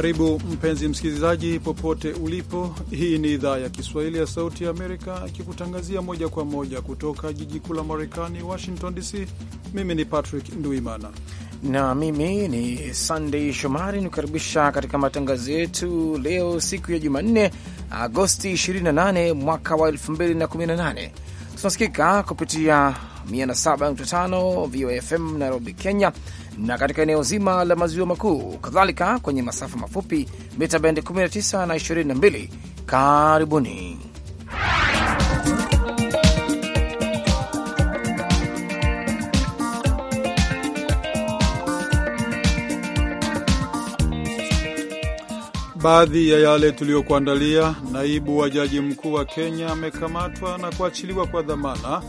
Karibu mpenzi msikilizaji, popote ulipo. Hii ni idhaa ya Kiswahili ya Sauti ya Amerika ikikutangazia moja kwa moja kutoka jiji kuu la Marekani, Washington DC. Mimi ni Patrick Nduimana na mimi ni sandey Shomari, nikukaribisha katika matangazo yetu leo, siku ya Jumanne, Agosti 28 mwaka wa 2018. Tunasikika kupitia 107.5 VOFM Nairobi, Kenya, na katika eneo zima la maziwa makuu, kadhalika kwenye masafa mafupi mita bendi 19 na 22. Karibuni baadhi ya yale tuliyokuandalia. Naibu wa jaji mkuu wa Kenya amekamatwa na kuachiliwa kwa dhamana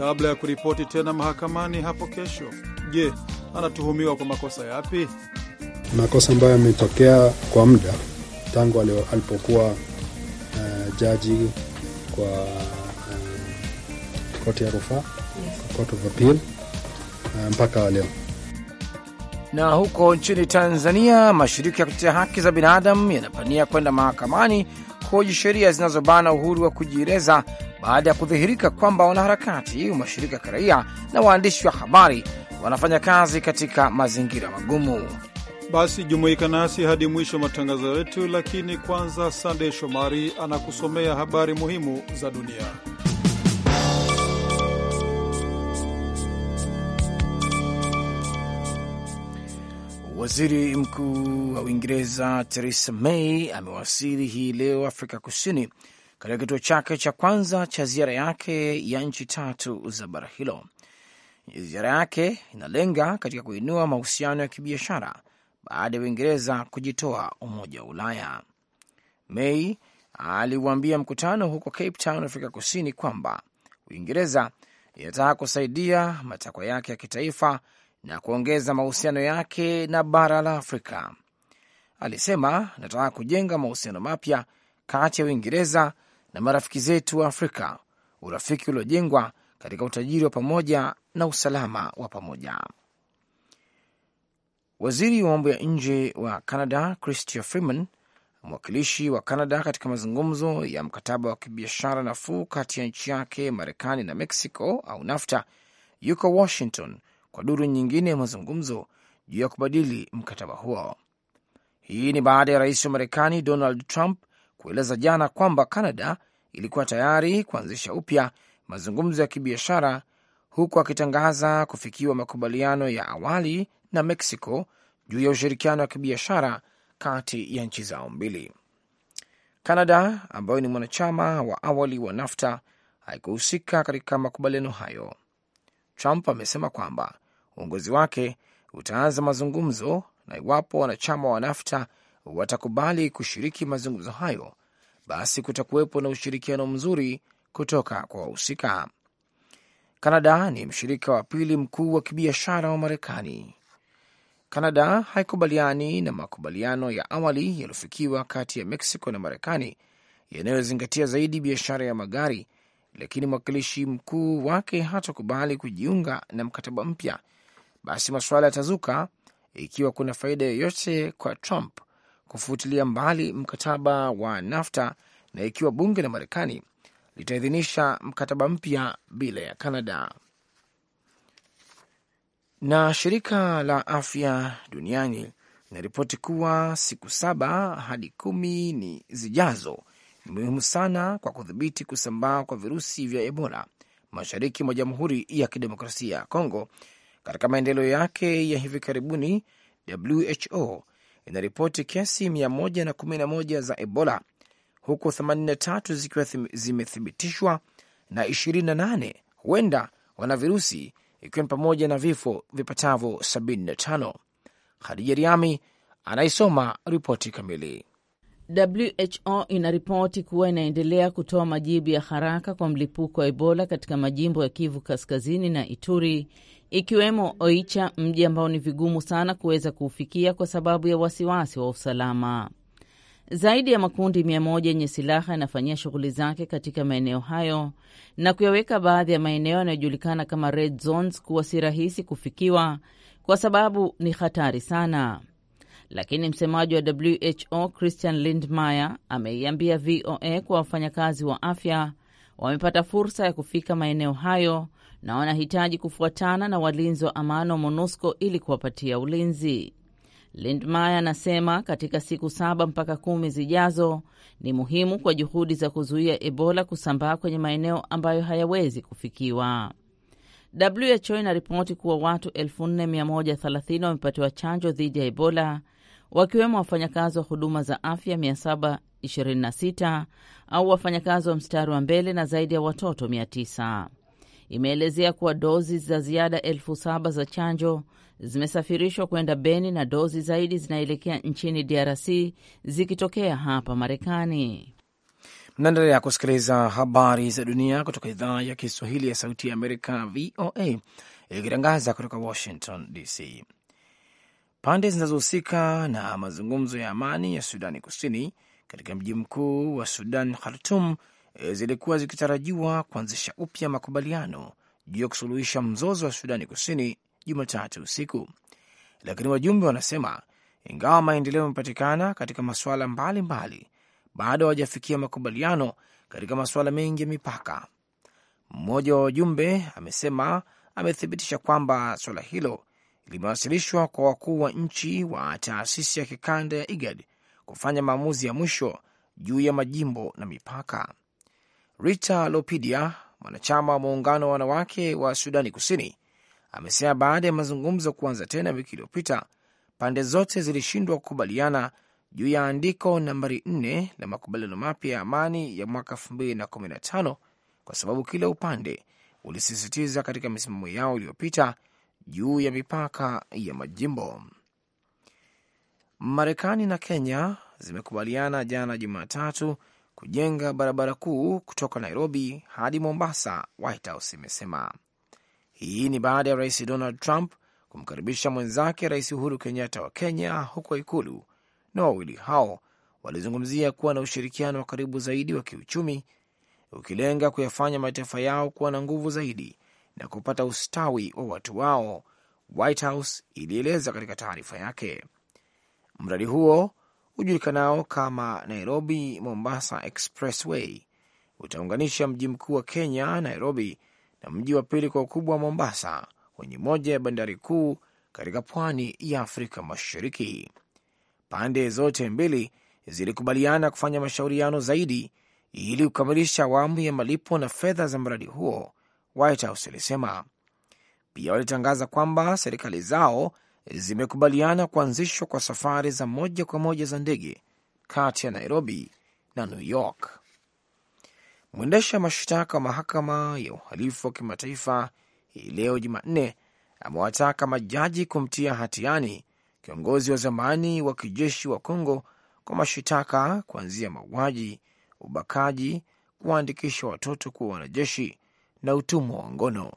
kabla ya kuripoti tena mahakamani hapo kesho. Je, anatuhumiwa kwa makosa yapi? Makosa ambayo yametokea kwa muda tangu alipokuwa uh, jaji kwa uh, koti ya rufaa Court of Appeal uh, mpaka leo. Na huko nchini Tanzania, mashirika ya kutetea haki za binadamu yanapania kwenda mahakamani kuhoji sheria zinazobana uhuru wa kujieleza baada ya kudhihirika kwamba wanaharakati wa mashirika ya kiraia na waandishi wa habari wanafanya kazi katika mazingira magumu. Basi jumuika nasi hadi mwisho wa matangazo yetu, lakini kwanza, Sandey Shomari anakusomea habari muhimu za dunia. Waziri Mkuu wa Uingereza Theresa May amewasili hii leo Afrika Kusini katika kituo chake cha kwanza cha ziara yake ya nchi tatu za bara hilo. Ziara yake inalenga katika kuinua mahusiano ya kibiashara baada ya Uingereza kujitoa Umoja wa Ulaya. May aliuambia mkutano huko Cape Town, Afrika Kusini, kwamba Uingereza inataka kusaidia matakwa yake ya kitaifa na kuongeza mahusiano yake na bara la Afrika. Alisema, nataka kujenga mahusiano mapya kati ya Uingereza na marafiki zetu wa Afrika, urafiki uliojengwa katika utajiri wa pamoja na usalama wa pamoja. Waziri wa mambo ya nje wa Canada Chrystia Freeman, mwakilishi wa Canada katika mazungumzo ya mkataba wa kibiashara nafuu kati ya nchi yake Marekani na Mexico au NAFTA, yuko Washington kwa duru nyingine ya mazungumzo juu ya kubadili mkataba huo. Hii ni baada ya rais wa Marekani Donald Trump kueleza jana kwamba Canada ilikuwa tayari kuanzisha upya mazungumzo ya kibiashara huku akitangaza kufikiwa makubaliano ya awali na Mexico juu ya ushirikiano wa kibiashara kati ya nchi zao mbili. Canada ambayo ni mwanachama wa awali wa NAFTA haikuhusika katika makubaliano hayo. Trump amesema kwamba uongozi wake utaanza mazungumzo na iwapo wanachama wa NAFTA watakubali kushiriki mazungumzo hayo, basi kutakuwepo na ushirikiano mzuri kutoka kwa wahusika. Kanada ni mshirika wa pili mkuu wa kibiashara wa Marekani. Kanada haikubaliani na makubaliano ya awali yaliyofikiwa kati ya Meksiko na Marekani yanayozingatia zaidi biashara ya magari lakini mwakilishi mkuu wake hatakubali kujiunga na mkataba mpya, basi masuala yatazuka ikiwa kuna faida yoyote kwa Trump kufutilia mbali mkataba wa NAFTA na ikiwa bunge la Marekani litaidhinisha mkataba mpya bila ya Kanada. Na shirika la afya duniani linaripoti kuwa siku saba hadi kumi ni zijazo ni muhimu sana kwa kudhibiti kusambaa kwa virusi vya Ebola mashariki mwa Jamhuri ya Kidemokrasia ya Kongo. Katika maendeleo yake ya hivi karibuni, WHO inaripoti kesi 111 za Ebola huku 83 zikiwa zimethibitishwa na 28 huenda wana virusi ikiwa ni pamoja na vifo vipatavyo 75. Khadija Riami anaisoma ripoti kamili. WHO inaripoti kuwa inaendelea kutoa majibu ya haraka kwa mlipuko wa Ebola katika majimbo ya Kivu Kaskazini na Ituri ikiwemo Oicha, mji ambao ni vigumu sana kuweza kuufikia kwa sababu ya wasiwasi wa usalama. Zaidi ya makundi mia moja yenye silaha yanafanyia shughuli zake katika maeneo hayo na kuyaweka baadhi ya maeneo yanayojulikana kama red zones kuwa si rahisi kufikiwa kwa sababu ni hatari sana lakini msemaji wa WHO Christian Lindmeier ameiambia VOA kuwa wafanyakazi wa afya wamepata fursa ya kufika maeneo hayo na wanahitaji kufuatana na walinzi wa amani wa MONUSCO ili kuwapatia ulinzi. Lindmeier anasema katika siku saba mpaka kumi zijazo ni muhimu kwa juhudi za kuzuia Ebola kusambaa kwenye maeneo ambayo hayawezi kufikiwa. WHO inaripoti kuwa watu 4130 wamepatiwa chanjo dhidi ya Ebola wakiwemo wafanyakazi wa huduma za afya 726 au wafanyakazi wa mstari wa mbele na zaidi ya watoto 900. Imeelezea kuwa dozi za ziada elfu saba za chanjo zimesafirishwa kwenda Beni na dozi zaidi zinaelekea nchini DRC zikitokea hapa Marekani. Mnaendelea kusikiliza habari za dunia kutoka idhaa ya Kiswahili ya Sauti ya Amerika, VOA, ikitangaza kutoka Washington DC. Pande zinazohusika na mazungumzo ya amani ya Sudani Kusini katika mji mkuu wa Sudan, Khartum, e, zilikuwa zikitarajiwa kuanzisha upya makubaliano juu ya kusuluhisha mzozo wa Sudani Kusini Jumatatu usiku, lakini wajumbe wanasema ingawa maendeleo yamepatikana katika masuala mbalimbali, bado hawajafikia makubaliano katika masuala mengi ya mipaka. Mmoja wa wajumbe amesema amethibitisha kwamba suala hilo limewasilishwa kwa wakuu wa nchi wa taasisi ya kikanda ya IGAD kufanya maamuzi ya mwisho juu ya majimbo na mipaka. Rita Lopidia, mwanachama wa muungano wa wanawake wa Sudani Kusini, amesema baada ya mazungumzo kuanza tena wiki iliyopita, pande zote zilishindwa kukubaliana juu ya andiko nambari nne la makubaliano mapya ya amani ya mwaka 215 kwa sababu kila upande ulisisitiza katika misimamo yao iliyopita juu ya mipaka ya majimbo. Marekani na Kenya zimekubaliana jana Jumatatu kujenga barabara kuu kutoka Nairobi hadi Mombasa, White House imesema. Hii ni baada ya Rais Donald Trump kumkaribisha mwenzake Rais Uhuru Kenyatta wa Kenya huko Ikulu, na wawili hao walizungumzia kuwa na ushirikiano wa karibu zaidi wa kiuchumi, ukilenga kuyafanya mataifa yao kuwa na nguvu zaidi na kupata ustawi wa watu wao, White House ilieleza katika taarifa yake. Mradi huo hujulikanao kama Nairobi Mombasa Expressway utaunganisha mji mkuu wa Kenya, Nairobi, na mji wa pili kwa ukubwa wa Mombasa, wenye moja ya bandari kuu katika pwani ya Afrika Mashariki. Pande zote mbili zilikubaliana kufanya mashauriano zaidi ili kukamilisha awamu ya malipo na fedha za mradi huo White House ilisema. Pia walitangaza kwamba serikali zao zimekubaliana kuanzishwa kwa safari za moja kwa moja za ndege kati ya Nairobi na New York. Mwendesha mashtaka wa mahakama ya uhalifu wa kimataifa hii leo Jumanne amewataka majaji kumtia hatiani kiongozi wa zamani wa kijeshi wa Kongo kwa mashitaka kuanzia mauaji, ubakaji, kuwaandikisha watoto kuwa wanajeshi na utumwa wa ngono.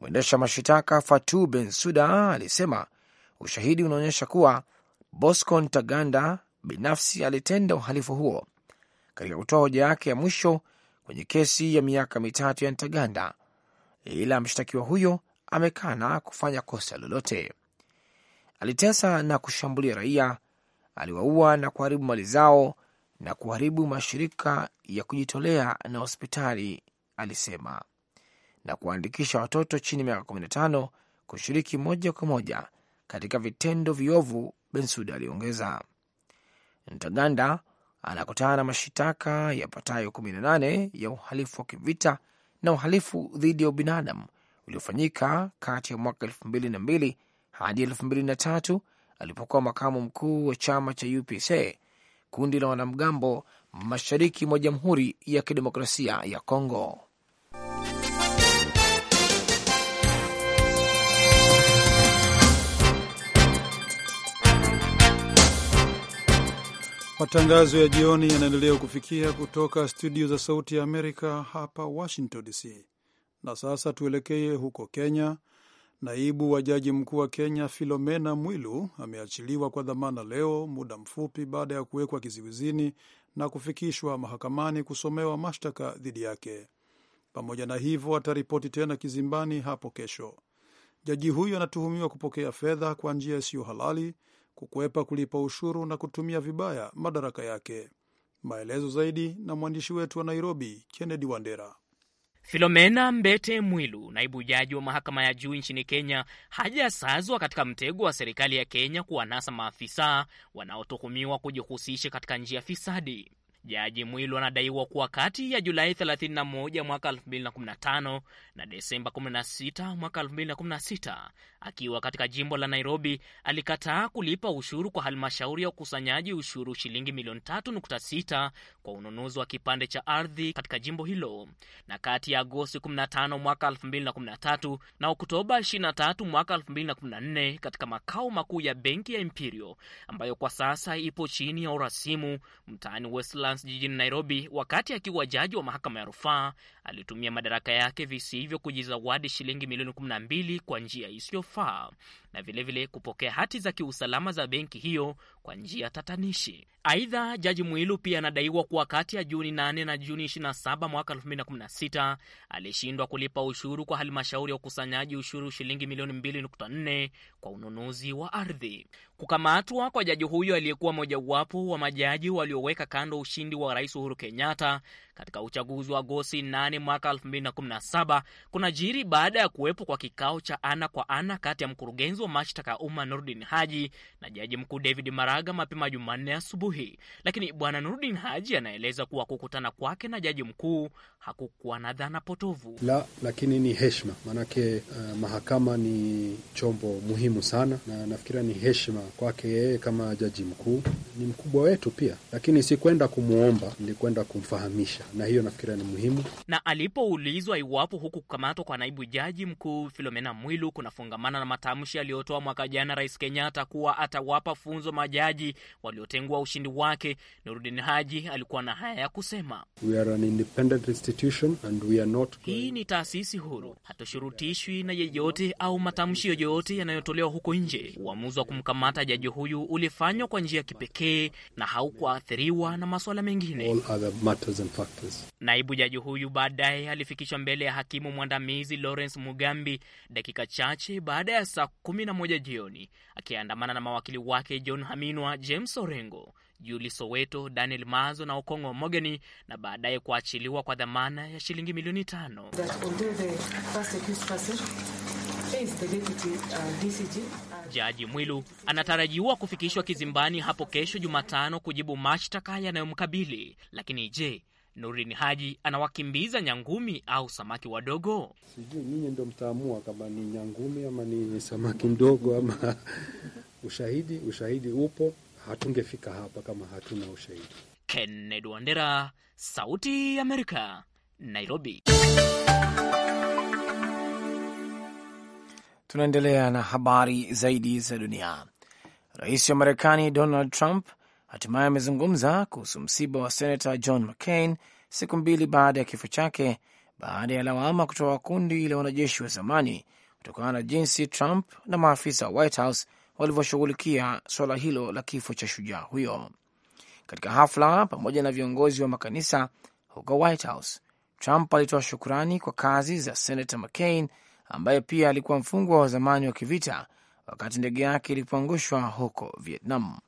Mwendesha mashitaka Fatu Bensuda alisema ushahidi unaonyesha kuwa Bosco Ntaganda binafsi alitenda uhalifu huo katika kutoa hoja yake ya mwisho kwenye kesi ya miaka mitatu ya Ntaganda, ila mshtakiwa huyo amekana kufanya kosa lolote. Alitesa na kushambulia raia, aliwaua na kuharibu mali zao na kuharibu mashirika ya kujitolea na hospitali alisema, na kuwaandikisha watoto chini ya miaka 15 kushiriki moja kwa moja katika vitendo viovu. Bensuda aliongeza. Ntaganda anakutana na mashitaka yapatayo 18 ya uhalifu wa kivita na uhalifu dhidi ya ubinadamu uliofanyika kati ya mwaka 2002 hadi 2003 alipokuwa makamu mkuu wa chama cha UPC, kundi la wanamgambo mashariki mwa Jamhuri ya Kidemokrasia ya Kongo. Matangazo ya jioni yanaendelea kufikia kutoka studio za Sauti ya Amerika hapa Washington DC. Na sasa tuelekee huko Kenya. Naibu wa jaji mkuu wa Kenya Filomena Mwilu ameachiliwa kwa dhamana leo, muda mfupi baada ya kuwekwa kizuizini na kufikishwa mahakamani kusomewa mashtaka dhidi yake. Pamoja na hivyo, ataripoti tena kizimbani hapo kesho. Jaji huyo anatuhumiwa kupokea fedha kwa njia isiyo halali kukwepa kulipa ushuru na kutumia vibaya madaraka yake. Maelezo zaidi na mwandishi wetu wa Nairobi, Kennedy Wandera. Filomena Mbete Mwilu, naibu jaji wa mahakama ya juu nchini Kenya, hajasazwa katika mtego wa serikali ya Kenya kuwanasa maafisa wanaotuhumiwa kujihusisha katika njia fisadi. Jaji Mwilu anadaiwa kuwa kati ya Julai 31 mwaka 2015 na Desemba 16 mwaka 2016, akiwa katika jimbo la Nairobi, alikataa kulipa ushuru kwa halmashauri ya ukusanyaji ushuru shilingi milioni 3.6 kwa ununuzi wa kipande cha ardhi katika jimbo hilo. Na kati ya Agosti 15 mwaka 2013 na Oktoba 23 mwaka 2014, katika makao makuu ya benki ya Imperial ambayo kwa sasa ipo chini ya urasimu mtaani Westlands Highlands jijini Nairobi wakati akiwa jaji wa mahakama ya rufaa alitumia madaraka yake visivyo kujizawadi shilingi milioni 12 kwa njia isiyofaa na vilevile vile kupokea hati za kiusalama za benki hiyo kwa njia tatanishi. Aidha, Jaji Mwilu pia anadaiwa kuwa kati ya Juni 8 na Juni 27 mwaka 2016 alishindwa kulipa ushuru kwa halmashauri ya ukusanyaji ushuru shilingi milioni 2.4 kwa ununuzi wa ardhi. Kukamatwa kwa jaji huyo aliyekuwa mojawapo wa majaji walioweka kando ushindi wa Rais Uhuru Kenyatta katika uchaguzi wa Agosti 8 mwaka 2017 kunajiri baada ya kuwepo kwa kikao cha ana kwa ana kati ya mkurugenzi wa mashtaka ya umma Nurdin Haji na jaji mkuu David Maraga mapema Jumanne asubuhi, lakini bwana Nurdin Haji anaeleza kuwa kukutana kwake na jaji mkuu hakukuwa na dhana potovu. La, lakini ni heshima maanake, uh, mahakama ni chombo muhimu sana, na nafikira ni heshima kwake yeye kama jaji mkuu, ni mkubwa wetu pia, lakini si kwenda kumwomba, nilikwenda kumfahamisha, na hiyo nafikira ni muhimu. Na alipoulizwa iwapo huku kukamatwa kwa naibu jaji mkuu Filomena Mwilu kunafungamana na matamshi aliyotoa mwaka jana Rais Kenyatta kuwa atawapa funzo majaji waliotengua ushindi wake, Nurudin Haji alikuwa na haya ya kusema: We are an independent institution and we are not... hii ni taasisi huru, hatushurutishwi na yeyote au matamshi yoyote yanayotolewa huko nje. Uamuzi wa kumkamata jaji huyu ulifanywa kwa njia ya kipekee na haukuathiriwa na maswala mengine. Naibu jaji huyu baadaye alifikishwa mbele ya hakimu mwandamizi Lawrence Mugambi dakika chache baada ya saa moja jioni, akiandamana na mawakili wake John Haminwa, James Orengo, juli Soweto, Daniel Mazo na Okongo Mogeni, na baadaye kuachiliwa kwa dhamana ya shilingi milioni tano. Uh, uh, Jaji Mwilu anatarajiwa kufikishwa kizimbani hapo kesho Jumatano kujibu mashtaka yanayomkabili. Lakini je, Nurini Haji anawakimbiza nyangumi au samaki wadogo. Sijui nyinyi ndo mtaamua kama ni nyangumi ama ni samaki mdogo ama ushahidi. Ushahidi upo, hatungefika hapa kama hatuna ushahidi. Kennedy Wandera, Sauti ya Amerika, Nairobi. Tunaendelea na habari zaidi za dunia. Rais wa Marekani Donald Trump hatimaye amezungumza kuhusu msiba wa senata John McCain siku mbili baada ya kifo chake, baada ya lawama kutoka kundi la wanajeshi wa zamani kutokana na jinsi Trump na maafisa wa White House walivyoshughulikia suala hilo la kifo cha shujaa huyo. Katika hafla pamoja na viongozi wa makanisa huko White House, Trump alitoa shukurani kwa kazi za senata McCain ambaye pia alikuwa mfungwa wa zamani wa kivita wakati ndege yake ilipoangushwa huko Vietnam.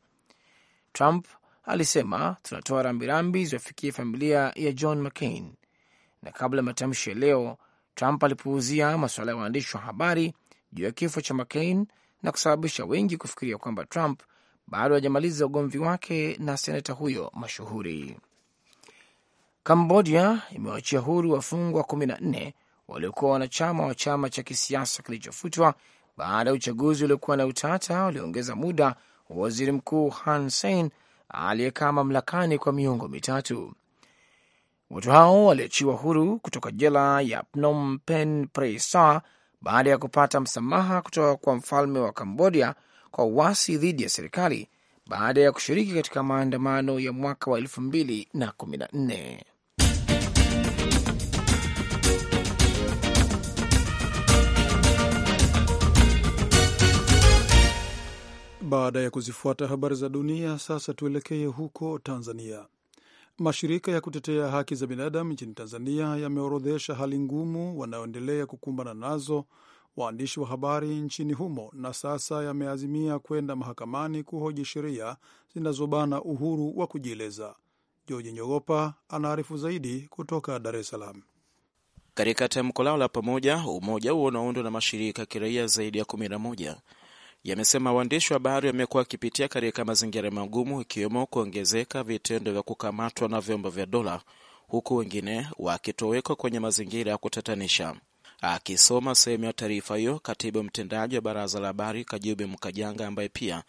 Trump alisema tunatoa rambirambi ziwafikie familia ya John McCain. Na kabla ya matamshi ya leo, Trump alipuuzia masuala ya waandishi wa habari juu ya kifo cha McCain na kusababisha wengi kufikiria kwamba Trump bado hajamaliza ugomvi wake na seneta huyo mashuhuri. Kambodia imewachia huru wafungwa 14 waliokuwa wanachama wa chama cha kisiasa kilichofutwa baada ya uchaguzi uliokuwa na utata ulioongeza muda waziri mkuu Han Sein aliyekaa mamlakani kwa miongo mitatu. Watu hao waliachiwa huru kutoka jela ya Phnom Penh Preisa baada ya kupata msamaha kutoka kwa mfalme wa Kambodia kwa uasi dhidi ya serikali baada ya kushiriki katika maandamano ya mwaka wa elfu mbili na kumi na nne. Baada ya kuzifuata habari za dunia, sasa tuelekee huko Tanzania. Mashirika ya kutetea haki za binadamu nchini Tanzania yameorodhesha hali ngumu wanayoendelea kukumbana nazo waandishi wa habari nchini humo na sasa yameazimia kwenda mahakamani kuhoji sheria zinazobana uhuru wa kujieleza. George Nyogopa anaarifu zaidi kutoka Dar es Salaam. Katika tamko lao la pamoja, umoja huo unaundwa na mashirika ya kiraia zaidi ya kumi na moja yamesema waandishi wa habari wamekuwa wakipitia katika mazingira magumu, ikiwemo kuongezeka vitendo vya kukamatwa na vyombo vya dola, huku wengine wakitowekwa kwenye mazingira ya kutatanisha. Akisoma sehemu ya taarifa hiyo, katibu mtendaji wa baraza la habari Kajubi Mkajanga, ambaye pia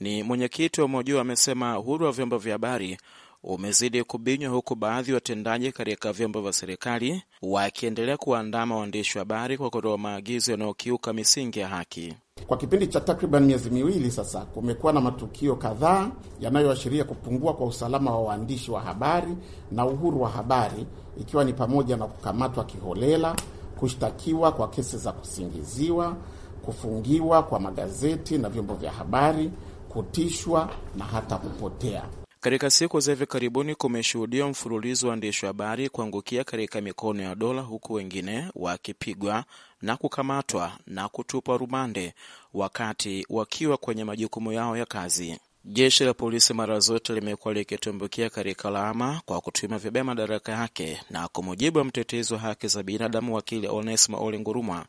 ni mwenyekiti wa Umoja huo, amesema uhuru wa vyombo vya habari umezidi kubinywa huku baadhi ya watendaji katika vyombo vya serikali wakiendelea kuwaandama waandishi wa habari kwa kutoa maagizo yanayokiuka misingi ya haki. Kwa kipindi cha takriban miezi miwili sasa, kumekuwa na matukio kadhaa yanayoashiria kupungua kwa usalama wa waandishi wa habari na uhuru wa habari, ikiwa ni pamoja na kukamatwa kiholela, kushtakiwa kwa kesi za kusingiziwa, kufungiwa kwa magazeti na vyombo vya habari, kutishwa na hata kupotea. Katika siku za hivi karibuni kumeshuhudia mfululizo wa waandishi wa habari kuangukia katika mikono ya dola, huku wengine wakipigwa na kukamatwa na kutupwa rumande wakati wakiwa kwenye majukumu yao ya kazi. Jeshi la polisi mara zote limekuwa likitumbukia katika lawama kwa kutumia vibaya madaraka yake, na kwa mujibu wa mtetezi wa haki za binadamu wakili Onesmo Ole Ngurumwa,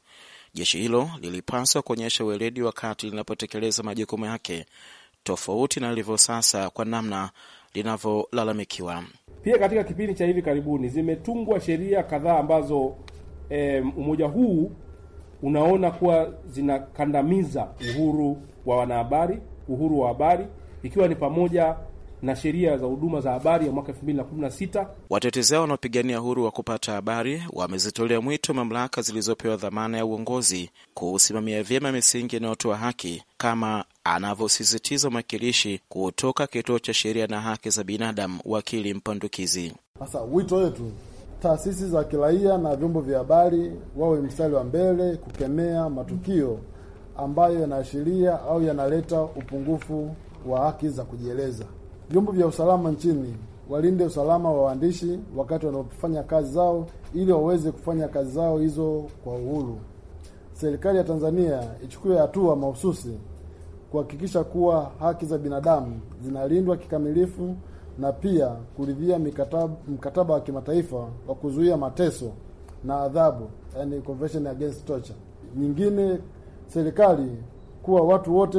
jeshi hilo lilipaswa kuonyesha weledi wakati linapotekeleza majukumu yake tofauti na lilivyo sasa kwa namna linavyolalamikiwa. Pia katika kipindi cha hivi karibuni zimetungwa sheria kadhaa ambazo e, umoja huu unaona kuwa zinakandamiza uhuru wa wanahabari, uhuru wa habari, ikiwa ni pamoja na sheria za huduma za habari ya mwaka 2016. Watetezi hao wanaopigania uhuru wa kupata habari wamezitolea mwito mamlaka zilizopewa dhamana ya uongozi kuusimamia vyema misingi inayotoa haki kama anavyosisitiza mwakilishi kutoka kituo cha sheria na haki za binadamu, wakili Mpandukizi. Sasa wito wetu taasisi za kiraia na vyombo vya habari wawe mstari wa mbele kukemea matukio ambayo yanaashiria au yanaleta upungufu wa haki za kujieleza. Vyombo vya usalama nchini walinde usalama wa waandishi wakati wanaofanya kazi zao ili waweze kufanya kazi zao hizo kwa uhuru. Serikali ya Tanzania ichukue hatua mahususi kuhakikisha kuwa haki za binadamu zinalindwa kikamilifu na pia kuridhia mikataba, mkataba wa kimataifa wa kuzuia mateso na adhabu, yani Convention Against Torture. Nyingine serikali kuwa watu wote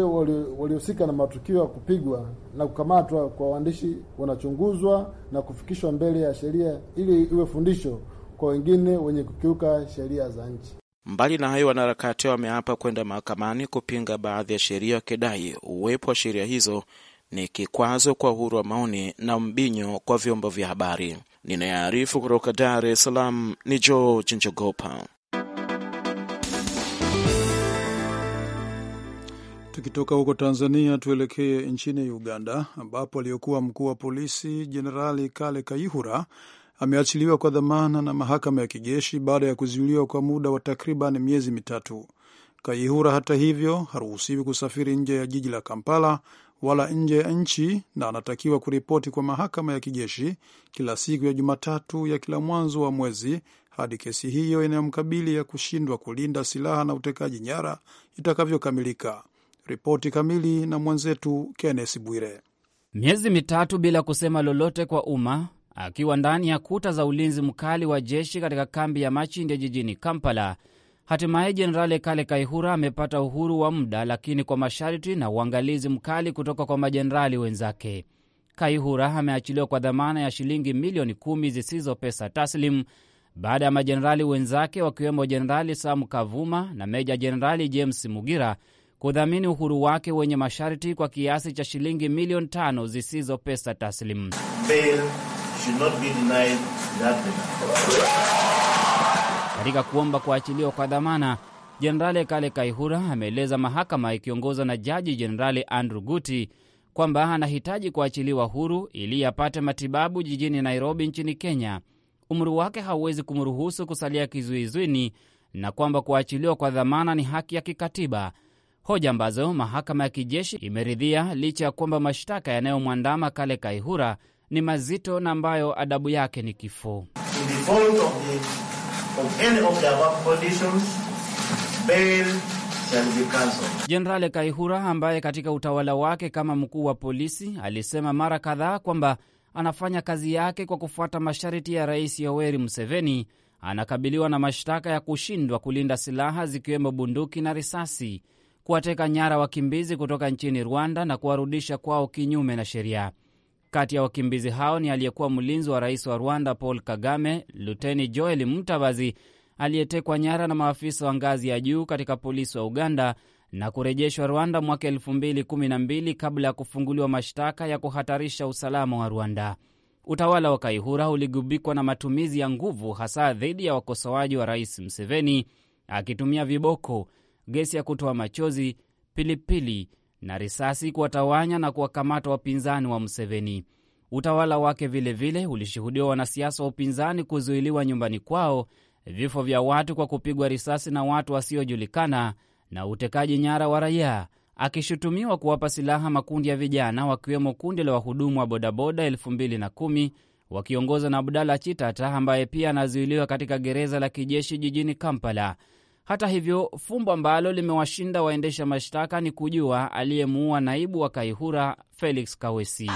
waliohusika na matukio ya kupigwa na kukamatwa kwa waandishi wanachunguzwa na kufikishwa mbele ya sheria ili iwe fundisho kwa wengine wenye kukiuka sheria za nchi. Mbali na hayo, wanaharakati wameapa kwenda mahakamani kupinga baadhi ya sheria, wakidai uwepo wa sheria hizo ni kikwazo kwa uhuru wa maoni na mbinyo kwa vyombo vya habari. Ninayearifu kutoka Dar es Salaam ni George Njogopa. Tukitoka huko Tanzania tuelekee nchini Uganda ambapo aliyekuwa mkuu wa polisi Jenerali Kale Kayihura ameachiliwa kwa dhamana na mahakama ya kijeshi baada ya kuzuiliwa kwa muda wa takriban miezi mitatu. Kayihura hata hivyo haruhusiwi kusafiri nje ya jiji la Kampala wala nje ya nchi na anatakiwa kuripoti kwa mahakama ya kijeshi kila siku ya Jumatatu ya kila mwanzo wa mwezi hadi kesi hiyo inayomkabili ya kushindwa kulinda silaha na utekaji nyara itakavyokamilika. Ripoti kamili na mwenzetu Kennes Bwire. Miezi mitatu bila kusema lolote kwa umma, akiwa ndani ya kuta za ulinzi mkali wa jeshi katika kambi ya Makindye jijini Kampala, hatimaye Jenerali Kale Kaihura amepata uhuru wa muda, lakini kwa masharti na uangalizi mkali kutoka kwa majenerali wenzake. Kaihura ameachiliwa kwa dhamana ya shilingi milioni kumi zisizo pesa taslim baada ya majenerali wenzake wakiwemo Jenerali samu Kavuma na Meja Jenerali James Mugira kudhamini uhuru wake wenye masharti kwa kiasi cha shilingi milioni tano zisizo pesa taslimu. Katika kuomba kuachiliwa kwa dhamana, Jenerali Kale Kaihura ameeleza mahakama ikiongozwa na Jaji Jenerali Andrew Guti kwamba anahitaji kuachiliwa huru ili apate matibabu jijini Nairobi nchini Kenya, umri wake hauwezi kumruhusu kusalia kizuizwini na kwamba kuachiliwa kwa dhamana ni haki ya kikatiba hoja ambazo mahakama ya kijeshi imeridhia licha ya kwamba mashtaka yanayomwandama Kale Kaihura ni mazito na ambayo adabu yake ni kifo. Jenerali Kaihura ambaye katika utawala wake kama mkuu wa polisi alisema mara kadhaa kwamba anafanya kazi yake kwa kufuata masharti ya Rais Yoweri Museveni, anakabiliwa na mashtaka ya kushindwa kulinda silaha zikiwemo bunduki na risasi kuwateka nyara wakimbizi kutoka nchini Rwanda na kuwarudisha kwao kinyume na sheria. Kati ya wakimbizi hao ni aliyekuwa mlinzi wa rais wa Rwanda Paul Kagame, Luteni Joel Mutabazi aliyetekwa nyara na maafisa wa ngazi ya juu katika polisi wa Uganda na kurejeshwa Rwanda mwaka 212 kabla ya kufunguliwa mashtaka ya kuhatarisha usalama wa Rwanda. Utawala wa Kaihura uligubikwa na matumizi ya nguvu hasa dhidi ya wakosoaji wa rais Mseveni akitumia viboko gesi ya kutoa machozi, pilipili na risasi kuwatawanya na kuwakamata wapinzani wa Museveni. Utawala wake vilevile ulishuhudiwa wanasiasa wa upinzani kuzuiliwa nyumbani kwao, vifo vya watu kwa kupigwa risasi na watu wasiojulikana, na utekaji nyara wa raia, akishutumiwa kuwapa silaha makundi ya vijana, wakiwemo kundi la wahudumu wa bodaboda 21 wakiongozwa na abdala Chitata ambaye pia anazuiliwa katika gereza la kijeshi jijini Kampala. Hata hivyo, fumbo ambalo limewashinda waendesha mashtaka ni kujua aliyemuua naibu wa Kaihura Felix Kawesi.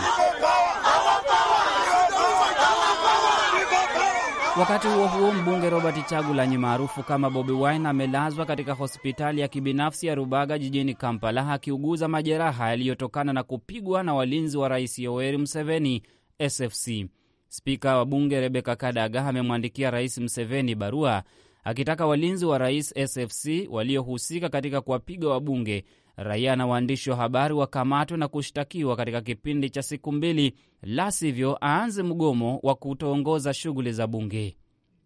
Wakati huo huo, mbunge Robert Chagulanyi maarufu kama Bobi Wine amelazwa katika hospitali ya kibinafsi ya Rubaga jijini Kampala akiuguza majeraha yaliyotokana na kupigwa na walinzi wa rais Yoweri Museveni SFC. Spika wa bunge Rebeka Kadaga amemwandikia rais Museveni barua akitaka walinzi wa rais SFC waliohusika katika kuwapiga wabunge, raia na waandishi wa habari wakamatwe na kushtakiwa katika kipindi cha siku mbili, la sivyo aanze mgomo wa kutoongoza shughuli za bunge.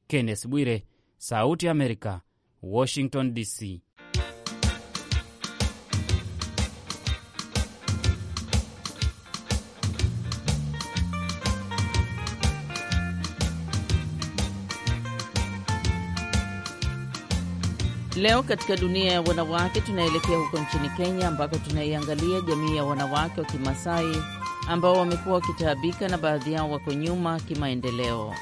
Kenneth Bwire, Sauti ya Amerika, Washington DC. Leo katika dunia ya wanawake, tunaelekea huko nchini Kenya ambako tunaiangalia jamii ya wanawake wa Kimasai ambao wamekuwa wakitaabika na baadhi yao wako nyuma kimaendeleo.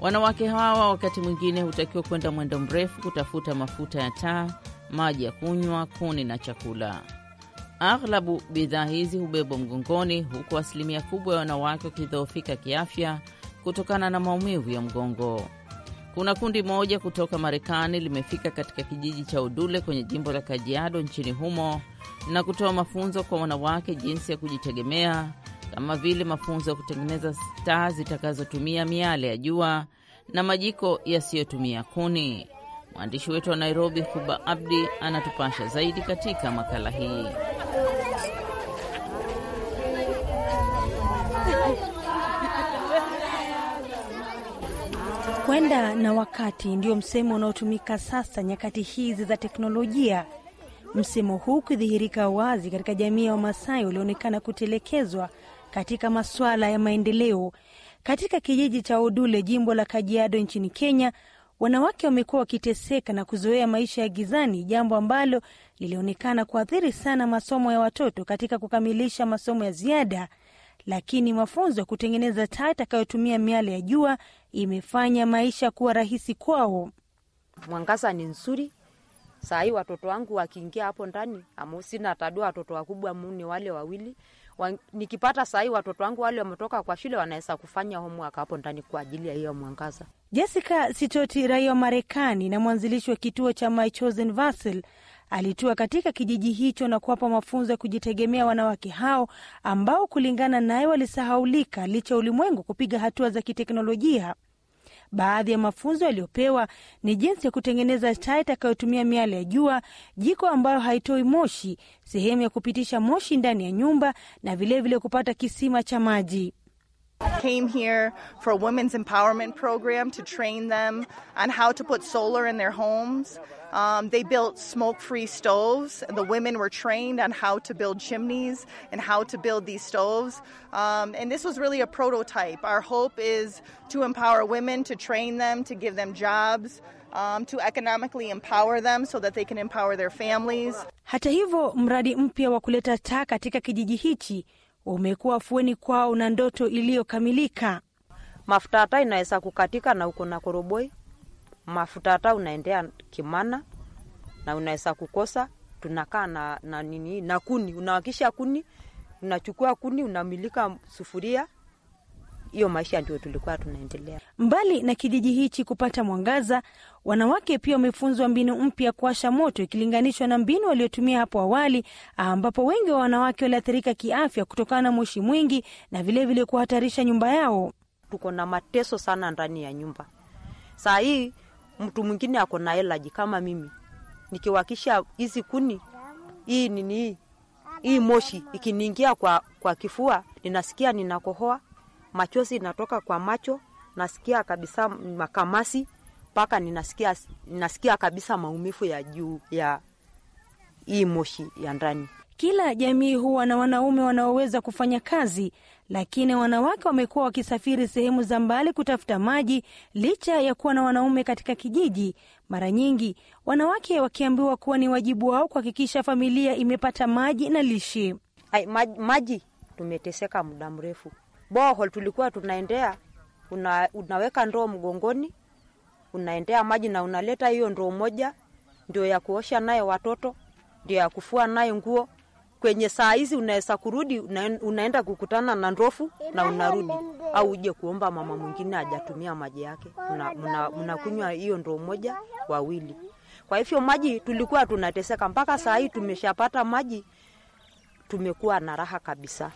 Wanawake hawa wakati mwingine hutakiwa kwenda mwendo mrefu kutafuta mafuta ya taa, maji ya kunywa, kuni na chakula. Aghlabu bidhaa hizi hubebwa mgongoni, huku asilimia kubwa ya wanawake wakidhoofika kiafya kutokana na maumivu ya mgongo. Kuna kundi moja kutoka Marekani limefika katika kijiji cha Udule kwenye jimbo la Kajiado nchini humo na kutoa mafunzo kwa wanawake jinsi ya kujitegemea kama vile mafunzo ya kutengeneza staa zitakazotumia miale ya jua na majiko yasiyotumia kuni. Mwandishi wetu wa Nairobi, Huba Abdi, anatupasha zaidi katika makala hii. Kwenda na wakati ndio msemo unaotumika sasa nyakati hizi za teknolojia. Msemo huu ukidhihirika wazi katika jamii ya Wamasai ulioonekana kutelekezwa katika masuala ya maendeleo. Katika kijiji cha Udule, jimbo la Kajiado nchini Kenya, wanawake wamekuwa wakiteseka na kuzoea maisha ya gizani, jambo ambalo lilionekana kuathiri sana masomo ya watoto katika kukamilisha masomo ya ziada lakini mafunzo ya kutengeneza taa itakayotumia miale ya jua imefanya maisha kuwa rahisi kwao. Mwangaza ni nzuri. Saa hii watoto wangu wakiingia hapo ndani, ama sina tadua, watoto wakubwa muni wale wawili wa, nikipata saa hii watoto wangu wale wametoka kwa shule wanaweza kufanya homework hapo ndani kwa ajili ya hiyo mwangaza. Jessica Sitoti, raia wa Marekani na mwanzilishi wa kituo cha My Chosen Vessel alitua katika kijiji hicho na kuwapa mafunzo ya kujitegemea wanawake hao ambao kulingana naye walisahaulika licha ya ulimwengu kupiga hatua za kiteknolojia. Baadhi ya mafunzo yaliyopewa ni jinsi ya kutengeneza taa itakayotumia miale ya jua, jiko ambayo haitoi moshi, sehemu ya kupitisha moshi ndani ya nyumba na vilevile vile kupata kisima cha maji. Came here for a women's empowerment program to train them on how to put solar in their homes. Um, they built smoke free stoves. The women were trained on how to build chimneys and how to build these stoves. Um, and this was really a prototype. Our hope is to empower women, to train them, to give them jobs. Um, to economically empower them so that they can empower their families. Hata hivyo, mradi mpya wa kuleta taa katika kijiji hichi umekuwa afueni kwao na ndoto iliyokamilika. Mafuta hata inaweza kukatika na uko na koroboi mafuta hata unaendea Kimana na unaweza kukosa. Tunakaa na, na nini na kuni, unawakisha kuni, unachukua kuni, unamilika sufuria hiyo. Maisha ndio tulikuwa tunaendelea. Mbali na kijiji hichi kupata mwangaza, wanawake pia wamefunzwa mbinu mpya kuasha moto ikilinganishwa na mbinu waliotumia hapo awali, ambapo wengi wa wanawake waliathirika kiafya kutokana na moshi mwingi na vilevile kuhatarisha nyumba yao. Tuko na mateso sana ndani ya nyumba saa hii mtu mwingine ako na elaji kama mimi, nikiwakisha hizi kuni hii nini hii hii moshi ikiniingia kwa, kwa kifua ninasikia ninakohoa, machozi inatoka kwa macho, nasikia kabisa makamasi mpaka ninasikia, ninasikia kabisa maumivu ya juu ya hii moshi ya ndani. Kila jamii huwa na wanaume wanaoweza kufanya kazi lakini wanawake wamekuwa wakisafiri sehemu za mbali kutafuta maji licha ya kuwa na wanaume katika kijiji. Mara nyingi wanawake wakiambiwa kuwa ni wajibu wao kuhakikisha familia imepata maji na lishe. Maji, maji tumeteseka muda mrefu. Boho tulikuwa tunaendea una, unaweka ndoo mgongoni unaendea maji na unaleta hiyo ndoo moja ndio ya kuosha nayo watoto, ndio ya kufua nayo nguo kwenye saa hizi unaweza kurudi unaenda kukutana na ndofu na unarudi, au uje kuomba mama mwingine ajatumia maji yake, mnakunywa hiyo ndoo moja wawili. Kwa hivyo maji tulikuwa tunateseka, mpaka saa hii tumeshapata maji, tumekuwa na raha kabisa.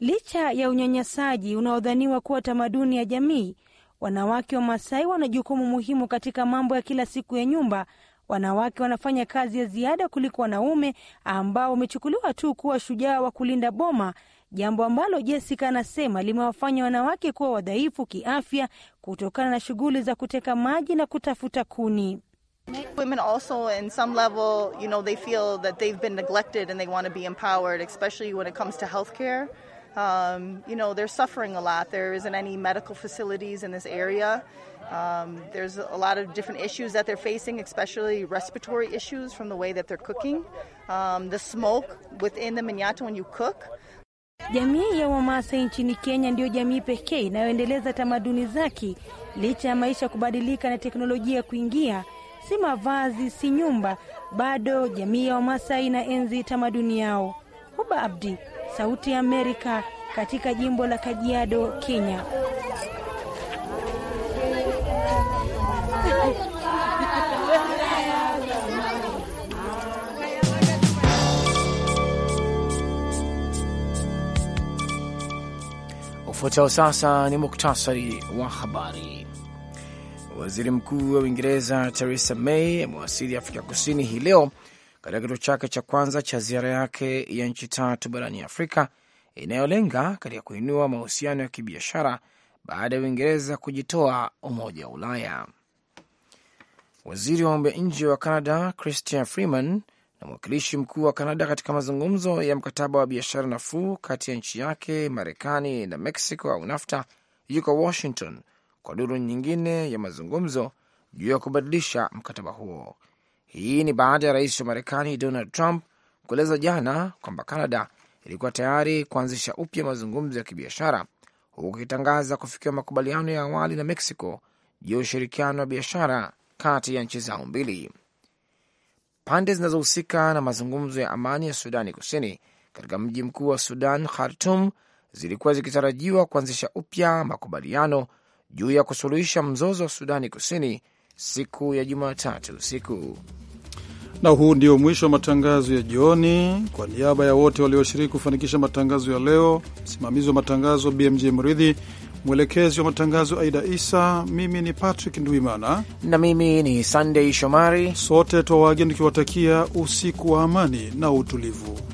Licha ya unyanyasaji unaodhaniwa kuwa tamaduni ya jamii, wanawake wa Masai wana jukumu muhimu katika mambo ya kila siku ya nyumba wanawake wanafanya kazi ya ziada kuliko wanaume ambao wamechukuliwa tu kuwa shujaa wa kulinda boma, jambo ambalo Jessica anasema limewafanya wanawake kuwa wadhaifu kiafya kutokana na shughuli za kuteka maji na kutafuta kuni. you know, Um, you know, they're suffering a lot. There isn't any medical facilities in this area. Um, there's a lot of different issues that they're facing, especially respiratory issues from the way that they're cooking. Um, the smoke within the manyatta when you cook. Jamii ya Wamasai nchini Kenya ndiyo jamii pekee inayoendeleza tamaduni zake licha ya maisha kubadilika na teknolojia kuingia. Si mavazi, si nyumba, bado jamii ya Wamasai inaenzi tamaduni yao. Huba Abdi, Sauti ya Amerika katika jimbo la Kajiado, Kenya. Ufuatao sasa ni muktasari wa habari. Waziri Mkuu wa Uingereza Theresa May amewasili Afrika Kusini hii leo katika kituo chake cha kwanza cha ziara yake ya nchi tatu barani Afrika inayolenga katika kuinua mahusiano ya kibiashara baada ya Uingereza kujitoa Umoja wa Ulaya. Waziri wa mambo ya nje wa Canada Christian Freeman na mwakilishi mkuu wa canada katika mazungumzo ya mkataba wa biashara nafuu kati ya nchi yake Marekani na Mexico au NAFTA yuko Washington kwa duru nyingine ya mazungumzo juu ya kubadilisha mkataba huo. Hii ni baada ya rais wa Marekani Donald Trump kueleza jana kwamba Canada ilikuwa tayari kuanzisha upya mazungumzo ya kibiashara huku ikitangaza kufikiwa makubaliano ya awali na Mexico juu ya ushirikiano wa biashara kati ya nchi zao mbili. Pande zinazohusika na mazungumzo ya amani ya Sudani Kusini katika mji mkuu wa Sudan, Khartum, zilikuwa zikitarajiwa kuanzisha upya makubaliano juu ya kusuluhisha mzozo wa Sudani Kusini siku ya Jumatatu usiku. Na huu ndio mwisho wa matangazo ya jioni. Kwa niaba ya wote walioshiriki kufanikisha matangazo ya leo, msimamizi wa matangazo BMJ Mridhi, mwelekezi wa matangazo Aida Isa, mimi ni Patrick Ndwimana na mimi ni Sandey Shomari, sote twawaageni tukiwatakia usiku wa amani na utulivu.